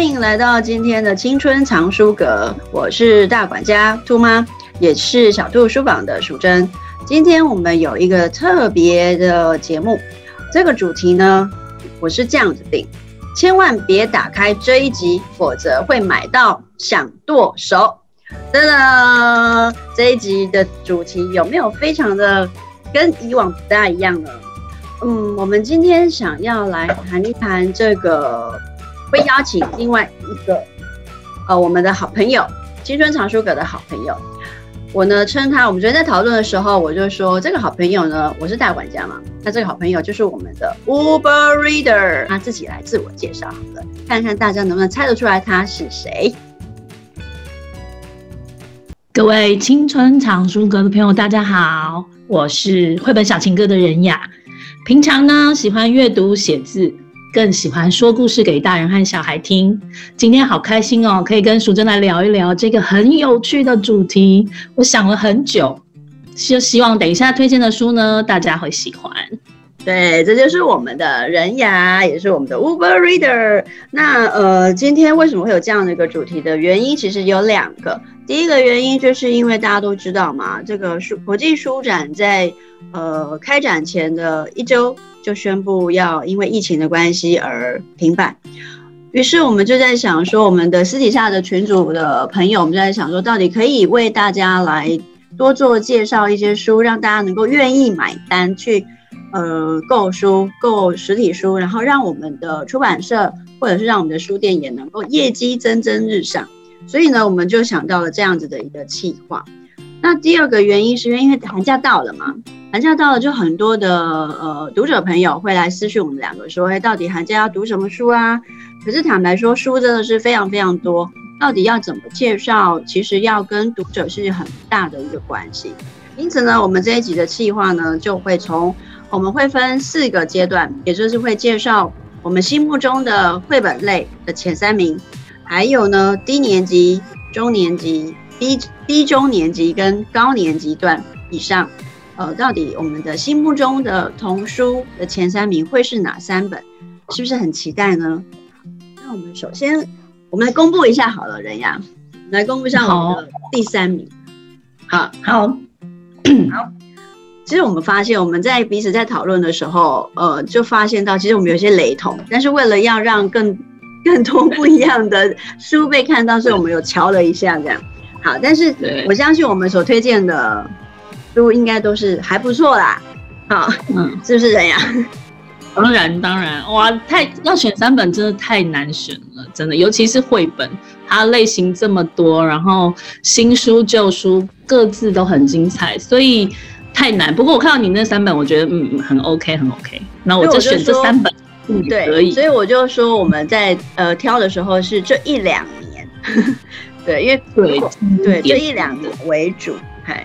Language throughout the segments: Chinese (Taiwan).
歡迎來到今天的青春藏書閣，我是大管家兔媽，也是小兔書坊的淑珍。今天我們有一個特別的節目，這個主題呢，我是這樣子定，千萬別打開這一集，否則會買到想剁手。登登，這一集的主題有沒有非常的跟以往不大一樣呢？嗯，我們今天想要來談一談這個。會邀請另外一個，呃，我們的好朋友，青春藏書閣的好朋友，我呢稱他，我們昨天在討論的時候，我就說這個好朋友呢，我是大管家嘛。那這個好朋友就是我們的 Uber Reader，他自己來自我介紹好了，看看大家能不能猜得出來他是誰？各位青春藏書閣的朋友，大家好，我是繪本小情歌的仁雅，平常呢喜歡閱讀寫字。更喜歡說故事給大人和小孩聽。今天好開心哦，可以跟淑珍來聊一聊這個很有趣的主題。我想了很久，希望等一下推薦的書呢，大家會喜歡。對，這就是我們的仁雅，也是我們的 Uber Reader。那呃，今天為什麼會有這樣的一個主題的原因，其實有兩個。第一個原因就是因為大家都知道嘛，這個書國際書展在呃開展前的一周。就宣布要因為疫情的關係而停擺，於是我們就在想說，我們的私底下的群主的朋友，我們就在想說，到底可以為大家來多做介紹一些書，讓大家能夠願意買單去，呃，購書、購實體書，然後讓我們的出版社或者是讓我們的書店也能夠業績蒸蒸日上。所以呢，我們就想到了這樣子的一個計劃。那第二個原因是因為因為寒假到了嘛。寒假到了，就很多的呃讀者朋友會來私訊我們兩個，說：“哎，到底寒假要讀什麼書啊？”可是坦白說，書真的是非常非常多，到底要怎麼介紹，其實要跟讀者是很大的一個關係。因此呢，我們這一集的企劃呢，就會從我們會分四個階段，也就是會介紹我們心目中的繪本類的前三名，還有呢低年級、中年級、低低中年級跟高年級段以上。呃，到底我們的心目中的童書的前三名會是哪三本？是不是很期待呢？那我們首先，我們來公布一下好了，仁雅，來公布一下我們的第三名。好，好，好。 其實我們發現我們在彼此在討論的時候，呃，就發現到其實我們有些雷同，但是為了要讓更更多不一樣的書被看到， 所以我們有喬了一下這樣。好，但是我相信我們所推薦的。都應該都是還不錯啦，好，嗯，是不是這樣？當然當然，哇，太要選三本真的太難選了，真的，尤其是繪本，它類型這麼多，然後新書舊書各自都很精彩，所以太難。不過我看到你那三本，我覺得嗯很 OK 很 OK，那我就選這三本，嗯，可以。所以我就說我們在呃挑的時候是這一兩年， 對，因為對這一兩年為主，對，對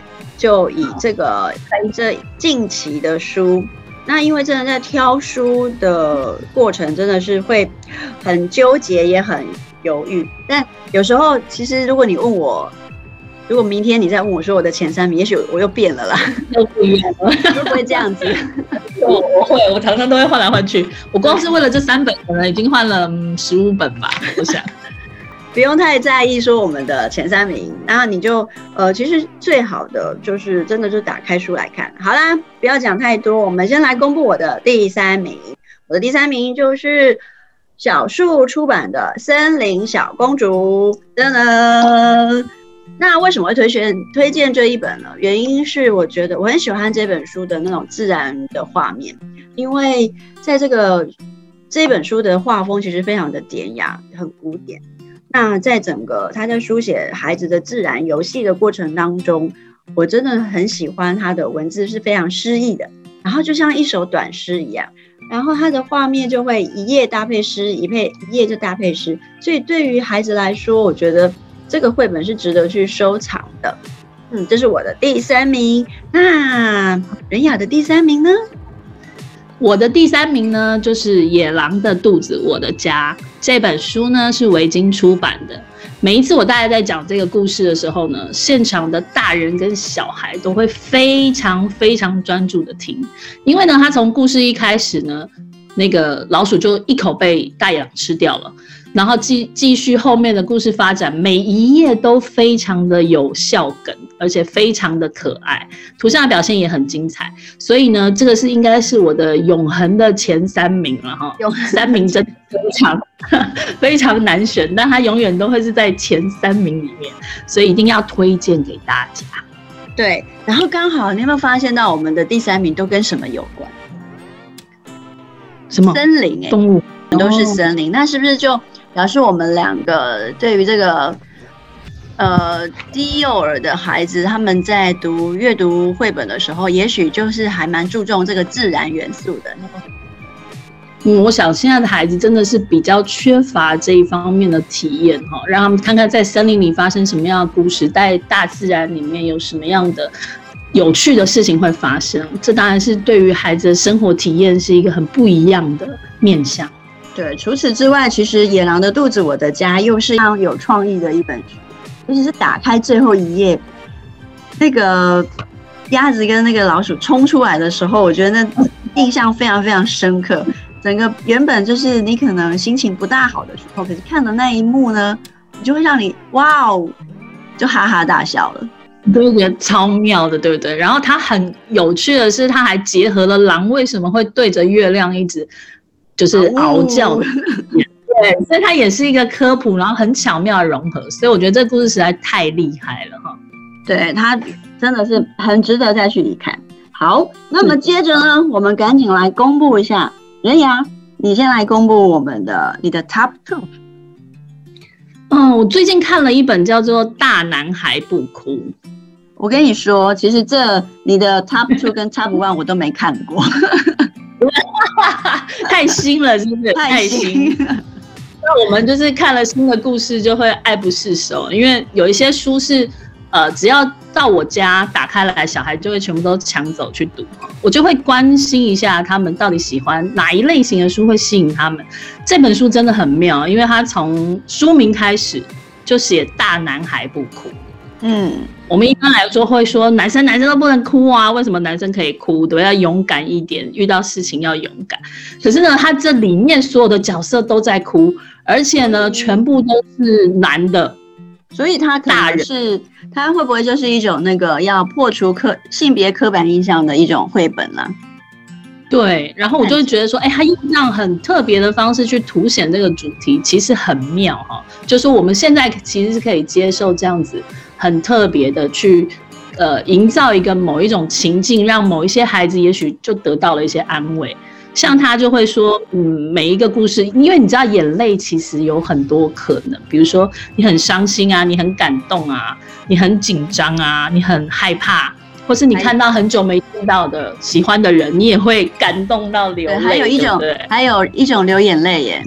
就以這個，在這近期的書，那因為真的在挑書的過程，真的是會很糾結，也很猶豫。但有時候，其實如果你問我，如果明天你再問我說我的前三名，也許我又變了啦，又不一樣了，會 會這樣子？我 我會，我常常都會換來換去。我光是為了這三本，可能已經換了十五本吧，我想。 不用太在意說我們的前三名，然後，你就呃，其實最好的就是真的就打開書來看。好啦，不要講太多，我們先來公布我的第三名。我的第三名就是小樹出版的《森林小公主》。噔噔，那為什麼會推薦推薦這一本呢？原因是我覺得我很喜歡這本書的那種自然的畫面，因為在這個這本書的畫風其實非常的典雅，很古典。那在整個他在書寫孩子的自然遊戲的過程當中，我真的很喜歡他的文字是非常詩意的，然後就像一首短詩一樣，然後他的畫面就會一頁搭配詩，一配一頁就搭配詩，所以對於孩子來說，我覺得這個繪本是值得去收藏的。嗯，這是我的第三名，那仁雅的第三名呢？我的第三名呢，就是《野狼的肚子》我的家這本書呢，是維京出版的。每一次我大概在講這個故事的時候呢，現場的大人跟小孩都會非常非常專注地聽，因為呢，他從故事一開始呢，那個老鼠就一口被大野狼吃掉了。然後繼繼續後面的故事發展，每一頁都非常的有笑梗，而且非常的可愛，圖像的表現也很精彩。所以呢，這個是應該是我的永恆的前三名了哈。永恆，三名真的非常非常難選，但它永遠都會是在前三名裡面，所以一定要推薦給大家。對，然後剛好你有沒有發現到我們的第三名都跟什麼有關？什麼森林、欸？哎，動物都是森林，那是不是就？表示我們兩個對於這個，呃，低幼兒的孩子，他們在讀閱讀繪本的時候，也許就是還蠻注重這個自然元素的。嗯，我想現在的孩子真的是比較缺乏這一方面的體驗哈，讓他們看看在森林裡發生什麼樣的故事，在大自然裡面有什麼樣的有趣的事情會發生。這當然是對於孩子的生活體驗是一個很不一樣的面向。.對，除此之外，其實《野狼肚子我的家》又是非常有創意的一本書。尤其是打開最後一頁，那個鴨子跟那個老鼠衝出來的時候，我覺得那印象非常非常深刻。整個原本就是你可能心情不大好的時候，可是看的那一幕呢，就會讓你哇哦，就哈哈大笑了，都有點超妙的，對不對？然後它很有趣的是，它還結合了狼為什麼會對着月亮一直。就是嗷叫的，哦， 對，所以它也是一個科普，然後很巧妙的融合，所以我覺得這個故事實在太厲害了哈。對，它真的是很值得再去一看。好，那麼接着呢、嗯，我們趕緊來公布一下，仁雅，你先來公布我們的你的 top two。嗯、哦，我最近看了一本叫做《大男孩不哭》，我跟你說，其實這你的 top two 跟 top one 我都沒看過。 太新了，是不是？太新了。那我們就是看了新的故事就會愛不釋手，因為有一些書是，呃，只要到我家打開來，小孩就會全部都搶走去讀。我就會關心一下他們到底喜歡哪一類型的書會吸引他們。這本書真的很妙，因為它從書名開始就寫“大男孩不哭”。嗯，我們一般來說會說男生男生都不能哭啊，為什麼男生可以哭？對，對，要勇敢一點，遇到事情要勇敢。可是呢，他這裡面所有的角色都在哭，而且呢，全部都是男的，所以他大是打，他會不會就是一種那個要破除刻性別刻板印象的一種繪本呢？啊？對，然後我就會覺得說，哎、欸，他用這樣很特別的方式去凸顯這個主題，其實很妙哈，就是我們現在其實是可以接受這樣子。很特別的去，呃，營造一個某一種情境，讓某一些孩子也許就得到了一些安慰。像他就會說，嗯，每一個故事，因為你知道，眼淚其實有很多可能。比如說，你很傷心啊，你很感動啊，你很緊張啊，你很害怕，或是你看到很久沒見到的喜歡的人，你也會感動到流淚。還有一種對對，還有一種流眼淚耶，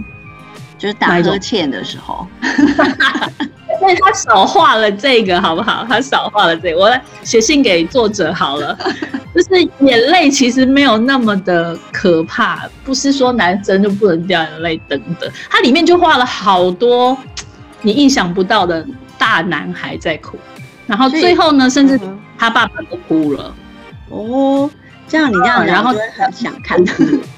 就是打呵欠的時候。 所以他少畫了這個，好不好？他少畫了這個。我來寫信給作者好了， 就是眼淚其實沒有那麼的可怕，不是說男生就不能掉眼淚等等。他裡面就畫了好多你意想不到的大男孩在哭，然後最後呢，甚至他爸爸都哭了。嗯、哦，這樣你這樣、哦，然後很想看。嗯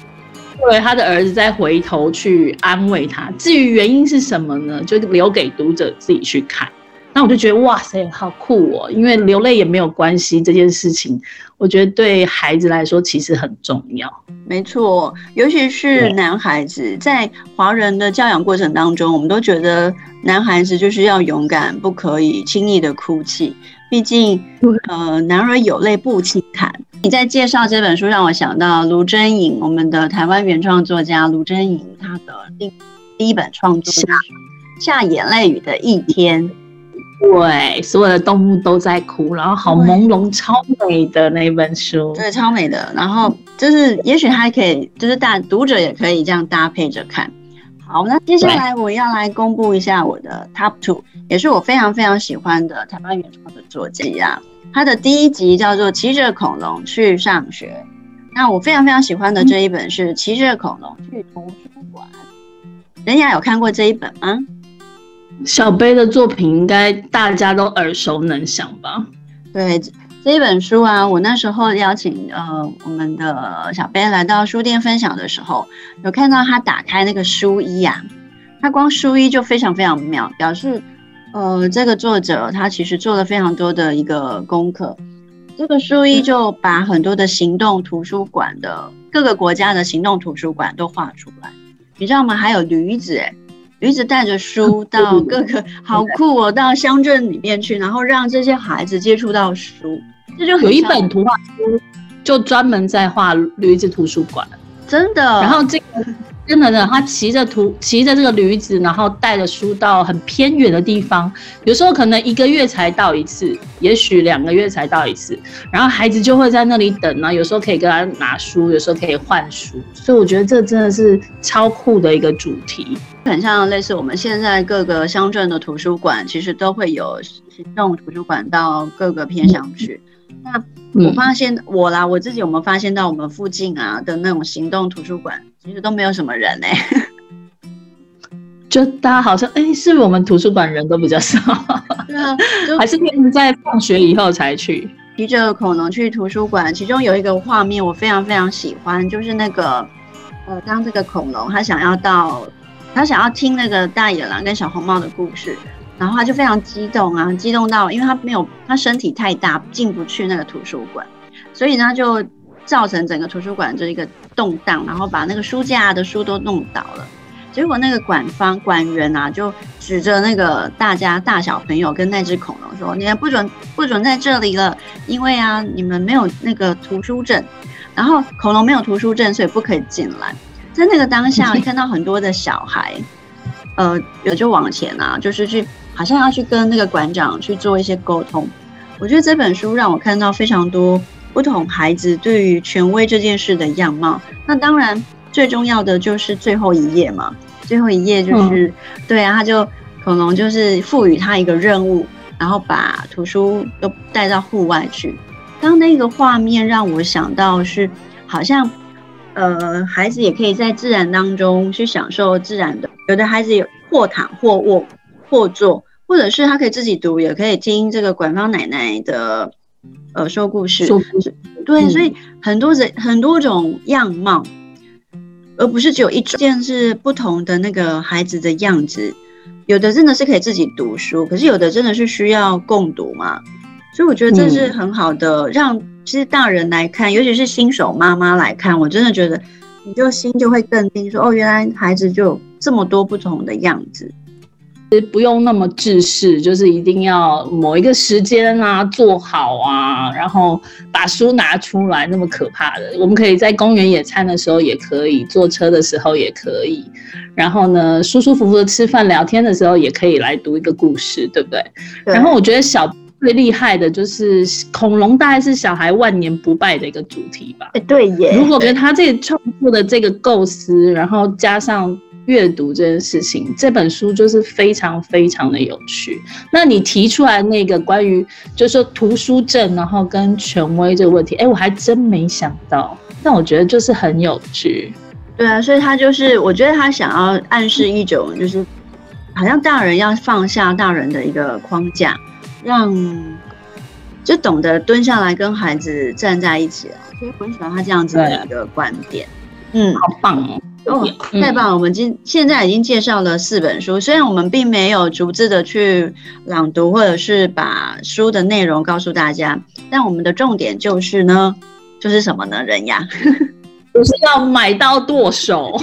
為他的兒子再回頭去安慰他。至於原因是什麼呢？就留給讀者自己去看。那我就覺得哇塞，好酷哦！因為流淚也沒有關係，這件事情，我覺得對孩子來說其實很重要。沒錯，尤其是男孩子，在華人的教養過程當中，我們都覺得男孩子就是要勇敢，不可以輕易的哭泣。畢竟，呃，男兒有淚不輕彈。你在介紹這本書，讓我想到盧真穎，我們的台灣原創作家盧真穎，她的第第一本創作是《下眼淚雨的一天》，對，所有的動物都在哭，然後好朦朧，超美的那本書，對，超美的。然後就是，也許還可以，就是大讀者也可以這樣搭配着看。好，那接下來我要來公布一下我的 top two，也是我非常非常喜歡的台灣原創的作家啊。他的第一集叫做《騎着恐龍去上學》，那我非常非常喜歡的這一本是《騎着恐龍去圖書館》嗯。仁雅有看過這一本嗎？小貝的作品應該大家都耳熟能詳吧？對。這本書啊，我那時候邀請呃我們的小編來到書店分享的時候，有看到他打開那個書衣啊，他光書衣就非常非常妙，表示呃這個作者他其實做了非常多的一個功課。這個書衣就把很多的行動圖書館的各個國家的行動圖書館都畫出來，你知道嗎？還有驢子哎、欸。驢子帶着書到各個好酷哦！嗯、對對對，好酷哦！對對對，到鄉鎮裡面去，然後讓這些孩子接觸到書，這就很像有一本圖畫書，就專門在畫驢子圖書館，真的。然後這個。真的的，他騎着圖，騎着這個驢子，然後帶着書到很偏遠的地方，有時候可能一個月才到一次，也許兩個月才到一次，然後孩子就會在那裡等，有時候可以跟他拿書，有時候可以換書，所以我覺得這真的是超酷的一個主題，很像類似我們現在各個鄉鎮的圖書館，其實都會有行動圖書館到各個偏鄉去。嗯、那我發現、嗯、我啦，我自己有沒有發現到我們附近啊的那種行動圖書館，其實都沒有什麼人哎、欸。 就大家好像哎，欸、是，不是我們圖書館人都比較少。對啊，還是偏在放學以後才去。騎著恐龍去圖書館，其中有一個畫面我非常非常喜歡，就是那個呃，當這個恐龍他想要到，他想要聽那個大野狼跟小紅帽的故事。.然後他就非常激動啊，激動到，因為他沒有，他身體太大，進不去那個圖書館，所以呢就造成整個圖書館這一個動盪，然後把那個書架的書都弄倒了。結果那個館方館員啊，就指着那個大家大小朋友跟那隻恐龍說：“你們不准不准在這裡了，因為啊，你們沒有那個圖書證。”然後恐龍沒有圖書證，所以不可以進來。在那個當下， 看到很多的小孩，呃，就往前啊，就是去。好像要去跟那個館長去做一些溝通。我覺得這本書讓我看到非常多不同孩子對於權威這件事的樣貌。那當然最重要的就是最後一頁嘛，最後一頁就是、嗯、對啊，他就可能就是賦予他一個任務，然後把圖書都帶到戶外去。當那個畫面讓我想到是好像呃，孩子也可以在自然當中去享受自然的，有的孩子有或躺或臥。或者是他可以自己讀，也可以聽這個官方奶奶的，呃，說故事。對、嗯，所以很多人很多種樣貌，而不是只有一種，是不同的那個孩子的樣子。有的真的是可以自己讀書，可是有的真的是需要共讀嘛。所以我覺得這是很好的，嗯、讓其實大人來看，尤其是新手媽媽來看，我真的覺得你就心就會更定說，說哦，原來孩子就有這麼多不同的樣子。其實不用那麼制式，就是一定要某一個時間啊，做好啊，然後把書拿出來，那麼可怕的。我們可以在公園野餐的時候，也可以坐車的時候，也可以。然後呢，舒舒服服的吃飯聊天的時候，也可以來讀一個故事，對不對？對，然後我覺得小最厲害的就是恐龍，大概是小孩萬年不敗的一個主題吧。對耶。如果跟他這創作的這個構思，然後加上。閱讀這件事情，這本書就是非常非常的有趣。那你提出來那個關於，就是說圖書證，然後跟權威這個問題，哎，我還真沒想到。但我覺得就是很有趣。對啊，所以他就是，我覺得他想要暗示一種，就是好像大人要放下大人的一個框架，讓就懂得蹲下來跟孩子站在一起啊。所以我很喜歡他這樣子的一個觀點。啊、嗯，好棒哦。哦、嗯，太棒了！我們今現在已經介紹了四本書，雖然我們並沒有逐字的去朗讀，或者是把書的內容告訴大家，但我們的重點就是呢，就是什麼呢？人呀，就是要買到剁手！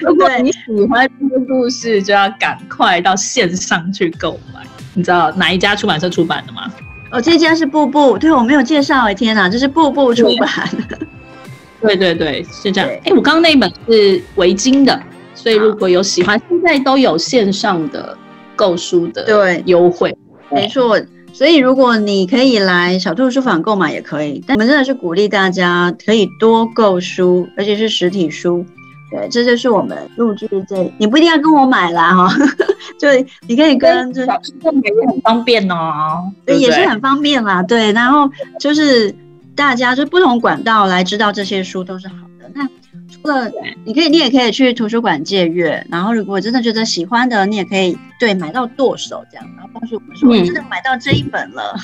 如 果 你喜歡這個故事，就要趕快到線上去購買。你知道哪一家出版社出版的嗎？哦，這家是步步，對，我沒有介紹。哎，天啊，這、就是步步出版。 對對對，是這樣。哎、欸，我剛剛那一本是維京的，所以如果有喜歡，現在都有線上的購書的對優惠，沒錯。所以如果你可以來小兔書坊購買也可以，但我們真的是鼓勵大家可以多購書，而且是實體書。對，這就是我們錄製的這，你不一定要跟我買啦哈，就你可以跟就小兔，這也很方便哦，對對對對，也是很方便啦。對，然後就是。大家就不同管道來知道這些書都是好的。那除了你可以，你也可以去圖書館借閱。然後如果真的覺得喜歡的，你也可以對買到剁手這樣，然後告訴我們說，嗯，我真的買到這一本了，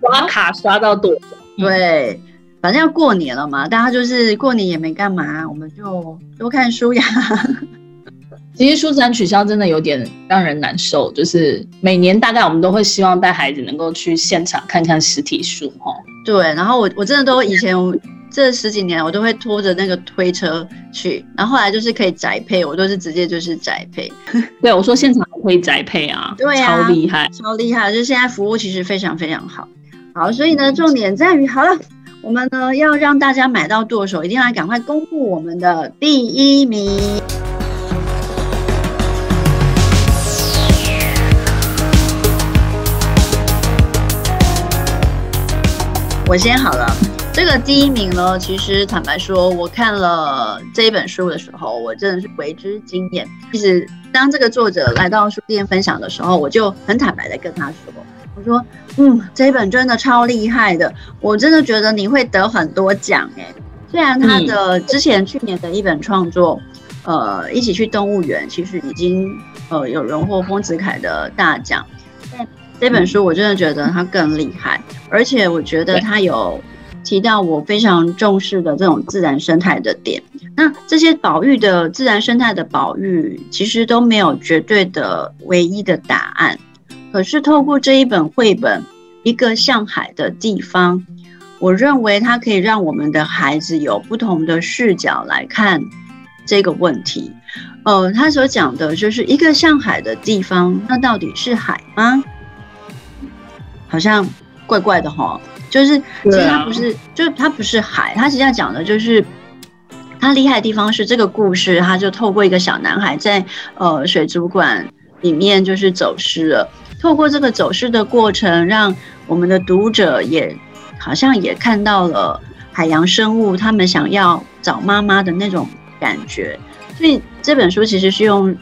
刷卡刷到剁手。對，反正要過年了嘛，大家就是過年也沒幹嘛，我們就多看書呀。其實書展取消真的有點讓人難受，就是每年大概我們都會希望帶孩子能夠去現場看看實體書哈。對，然後我我真的都以前我這十幾年我都會拖着那個推車去，然後後來就是可以宅配，我都是直接就是宅配。對，我說現場可以宅配啊？對啊，超厲害，超厲害，就是現在服務其實非常非常好。好，所以呢，重點在於好了，我們呢要讓大家買到剁手，一定要趕快公布我們的第一名。我先好了，這個第一名呢，其實坦白說，我看了這一本書的時候，我真的是為之驚艷。其實當這個作者來到書店分享的時候，我就很坦白的跟他說：“我說，嗯，這一本真的超厲害的，我真的覺得你會得很多獎哎。雖然他的之前去年的一本創作，嗯、呃，一起去動物園，其實已經呃有榮獲豐子愷的大獎。”這本書我真的覺得它更厲害，而且我覺得它有提到我非常重視的這種自然生態的點。那這些保育的自然生態的保育，其實都沒有絕對的唯一的答案。可是透過這一本繪本，一個像海的地方，我認為它可以讓我們的孩子有不同的視角來看這個問題。呃，他所講的就是一個像海的地方，那到底是海嗎？好像怪怪的吼，就是其實它不是，啊、就是它不是海，它實際上講的就是它厲害的地方是這個故事，它就透過一個小男孩在呃水族館裡面就是走失了，透過這個走失的過程，讓我們的讀者也好像也看到了海洋生物他們想要找媽媽的那種感覺，所以這本書其實是用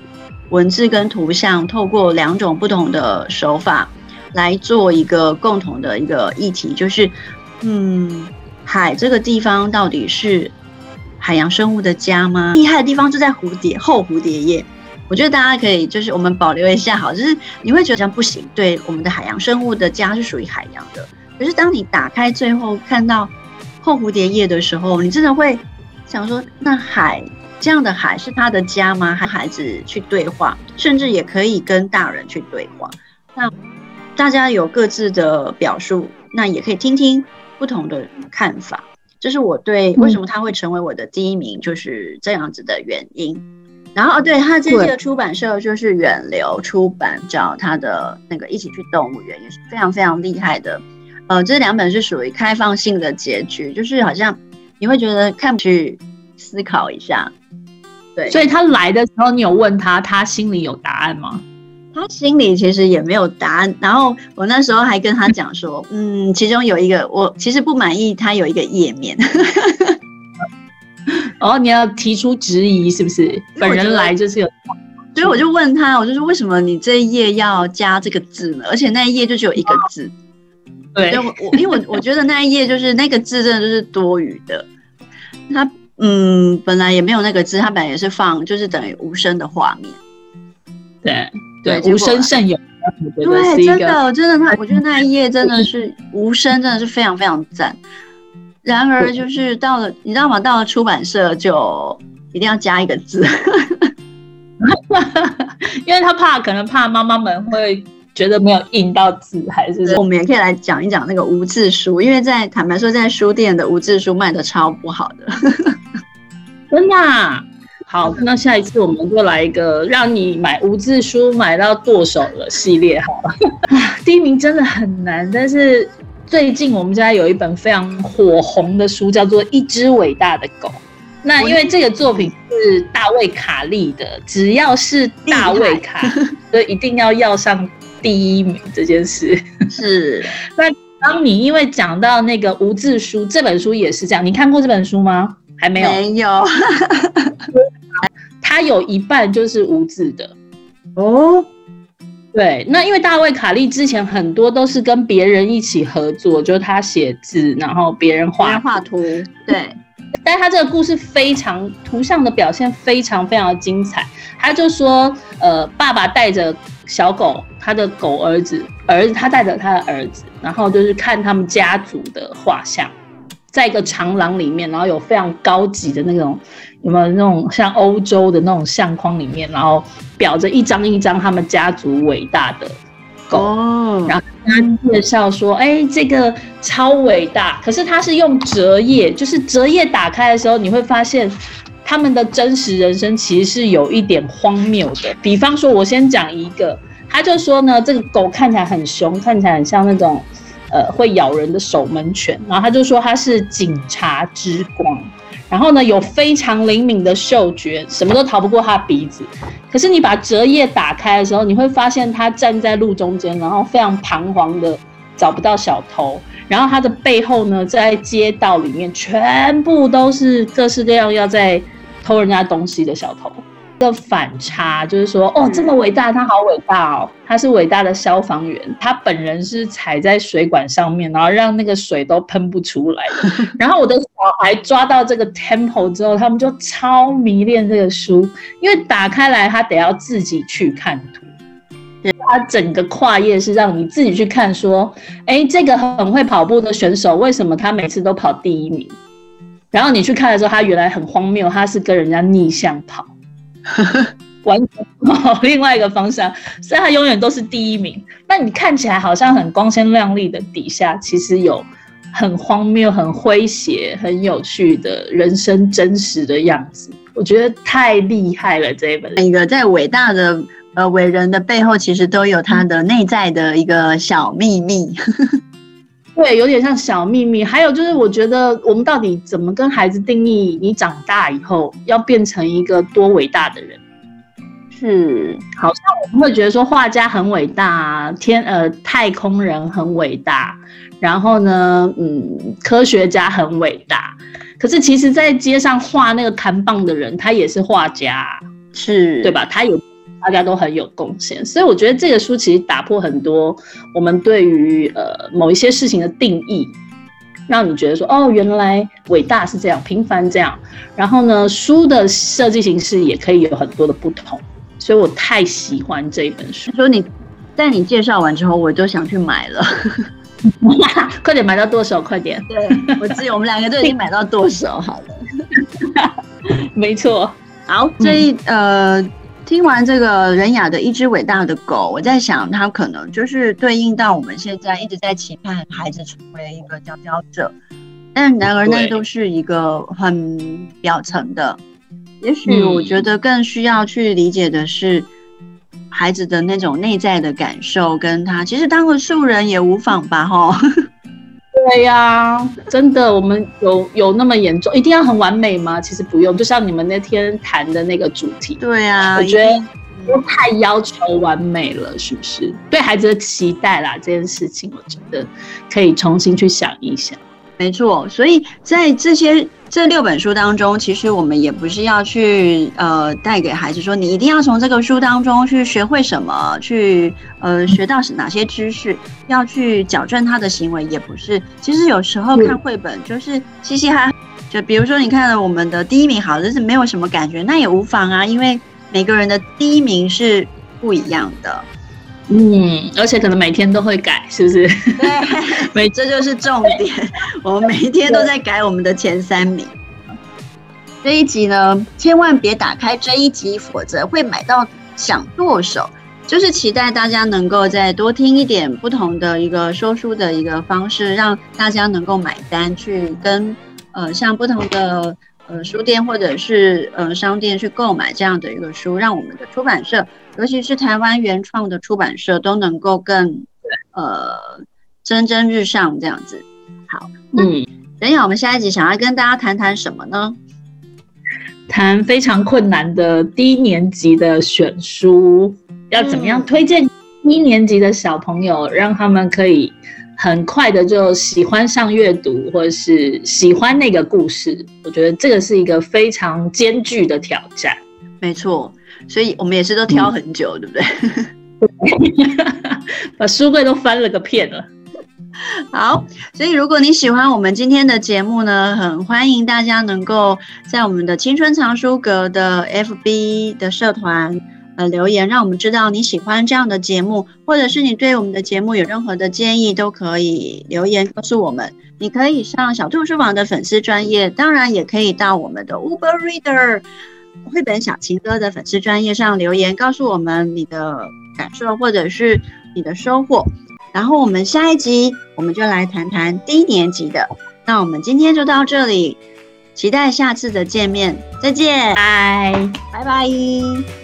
文字跟圖像，透過兩種不同的手法。來做一個共同的一個議題，就是，嗯，海這個地方到底是海洋生物的家嗎？厲害的地方就在蝴蝶後蝴蝶頁，我覺得大家可以就是我們保留一下，好，就是你會覺得這樣不行，對，我們的海洋生物的家是屬於海洋的。可是當你打開最後看到後蝴蝶頁的時候，你真的會想說，那海這樣的海是它的家嗎？和孩子去對話，甚至也可以跟大人去對話，那。大家有各自的表述，那也可以聽聽不同的看法。這、就是我對為什麼他會成為我的第一名，嗯、就是這樣子的原因。然後，哦、對他這期的出版社就是遠流出版，找他的那個《一起去動物園》，也是非常非常厲害的。呃，這兩本是屬於開放性的結局，就是好像你會覺得看去思考一下。對，所以他來的時候，你有問他，他心裡有答案嗎？他心裡其實也沒有答案，然後我那時候還跟他講說，嗯，其中有一個我其實不滿意，他有一個頁面。 哦，你要提出質疑是不是？本人來就是有，所以我就問他，我就說為什麼你這一頁要加這個字呢？而且那一頁就只有一個字。哦、對，因為我我覺得那一頁就是那個字真的就是多餘的。他嗯，本來也沒有那個字，他本來也是放就是等於無聲的畫面。對。對，無聲勝有對。對，真的，真的，那我覺得那一頁真的是 無聲，真的是非常非常讚。然而，就是到了，你知道嗎？到了出版社就一定要加一個字， 因為他怕，可能怕媽媽們會覺得沒有印到字，還 是我們也可以來講一講那個無字書，因為在坦白說，在書店的無字書賣的超不好的， 真的、啊。好，那下一次我們就來一個讓你買無字書買到剁手的系列，好。 第一名真的很難，但是最近我們家有一本非常火紅的書，叫做《一隻偉大的狗》。那因為這個作品是大衛卡利的，只要是大衛卡，就一定要要上第一名這件事。是。 那當你因為講到那個無字書，這本書也是這樣，你看過這本書嗎？還沒有。沒有。他有一半就是無字的，哦，對，那因為大衛卡利之前很多都是跟別人一起合作，就是他寫字，然後別人畫，畫圖，對。但是他這個故事非常，圖像的表現非常非常精彩。他就說，呃，爸爸帶着小狗，他的狗兒子，兒子，他帶着他的兒子，然後就是看他們家族的畫像，在一個長廊裡面，然後有非常高級的那種。嗯有沒有那種像歐洲的那種相框裡面，然後裱着一張一張他們家族偉大的狗，哦、然後他介紹說：“哎、欸，這個超偉大。”可是他是用折頁，就是折頁打開的時候，你會發現他們的真實人生其實是有一點荒謬的。比方說，我先講一個，他就說呢，這個狗看起來很兇，看起來很像那種呃會咬人的守門犬，然後他就說它是警察之光。然後呢，有非常靈敏的嗅覺，什麼都逃不過他鼻子。可是你把折頁打開的時候，你會發現他站在路中間，然後非常彷徨的找不到小偷。然後他的背後呢，在街道裡面全部都是各式各樣要在偷人家東西的小偷。的、這個、反差就是說，哦，這麼、個、偉大，他好偉大哦，他是偉大的消防員。他本人是踩在水管上面，然後讓那個水都噴不出來。 然後我的小孩抓到這個 tempo 之後，他們就超迷戀這個書，因為打開來，他得要自己去看圖。他整個跨頁是讓你自己去看，說，哎，這個很會跑步的選手為什麼他每次都跑第一名？然後你去看的時候，他原來很荒謬，他是跟人家逆向跑。完全往另外一個方向，所以他永遠都是第一名。那你看起來好像很光鮮亮麗的底下，其實有很荒謬、很詼諧、很有趣的人生真實的樣子。我覺得太厲害了，這一本。每一個在偉大的呃偉人的背後，其實都有他的內在的一個小秘密。 對，有點像小祕密。還有就是，我覺得我們到底怎麼跟孩子定義？你長大以後要變成一個多偉大的人？是，好像我們會覺得說畫家很偉大，天，呃，太空人很偉大。然後呢，嗯，科學家很偉大。可是其實，在街上畫那個彈棒的人，他也是畫家，是對吧？他有。大家都很有貢獻，所以我覺得這個書其實打破很多我們對於呃某一些事情的定義，讓你覺得說哦，原來偉大是這樣，平凡這樣。然後呢，書的設計形式也可以有很多的不同，所以我太喜歡這一本書。所以你在你介紹完之後，我就想去買了， 快點買到剁手，快點。對，我自己 我們兩個都已經買到剁手，好了， 沒錯。好，這、嗯、一呃。聽完這個仁雅的一只偉大的狗，我在想，他可能就是對應到我們現在一直在期盼孩子成為一個佼佼者，但然而那都是一個很表層的。也許我覺得更需要去理解的是孩子的那種內在的感受跟，跟他其實當個素人也無妨吧，吼！對呀，真的，我們有有那麼嚴重？一定要很完美嗎？其實不用，就像你們那天談的那個主題，對呀，我覺得太要求完美了，是不是？對孩子的期待啦，這件事情，我覺得可以重新去想一想。沒錯，所以在這些這六本書當中，其實我們也不是要去呃帶給孩子說你一定要從這個書當中去學會什麼，去呃學到哪些知識，要去矯正他的行為，也不是。其實有時候看繪本就是、嗯、嘻嘻哈，就比如說你看了我們的第一名，好像是沒有什麼感覺，那也無妨啊，因為每個人的第一名是不一樣的。嗯，而且可能每天都會改，是不是？對，每這就是重點，我們每一天都在改我們的前三名。這一集呢，千萬別打開這一集，否則會買到想剁手。就是期待大家能夠再多聽一點不同的一個說書的一個方式，讓大家能夠買單去跟呃，像不同的。呃，書店或者是呃商店，去購買這樣的一個書，讓我們的出版社，尤其是台灣原創的出版社，都能夠更呃蒸蒸日上這樣子。好，那嗯，等一下，我們下一集想要跟大家談談什麼呢？談非常困難的低年級的選書，要怎麼樣推薦一年級的小朋友，嗯、讓他們可以。很快的就喜歡上閱讀，或者是喜歡那個故事，我覺得這個是一個非常艱巨的挑戰。沒錯，所以我們也是都挑很久，嗯、對不對？ 把書櫃都翻了個遍了。好，所以如果你喜歡我們今天的節目呢，很歡迎大家能夠在我們的青春藏書閣的 FB 的社團。呃、留言讓我們知道你喜歡這樣的節目，或者是你對我們的節目有任何的建議，都可以留言告訴我們。你可以上小兔書坊的粉絲專頁，當然也可以到我們的 Uber Reader 繪本小情歌的粉絲專頁上留言，告訴我們你的感受或者是你的收穫。然後我們下一集我們就來談談低年級的。那我們今天就到這裡，期待下次的見面，再見，拜拜拜。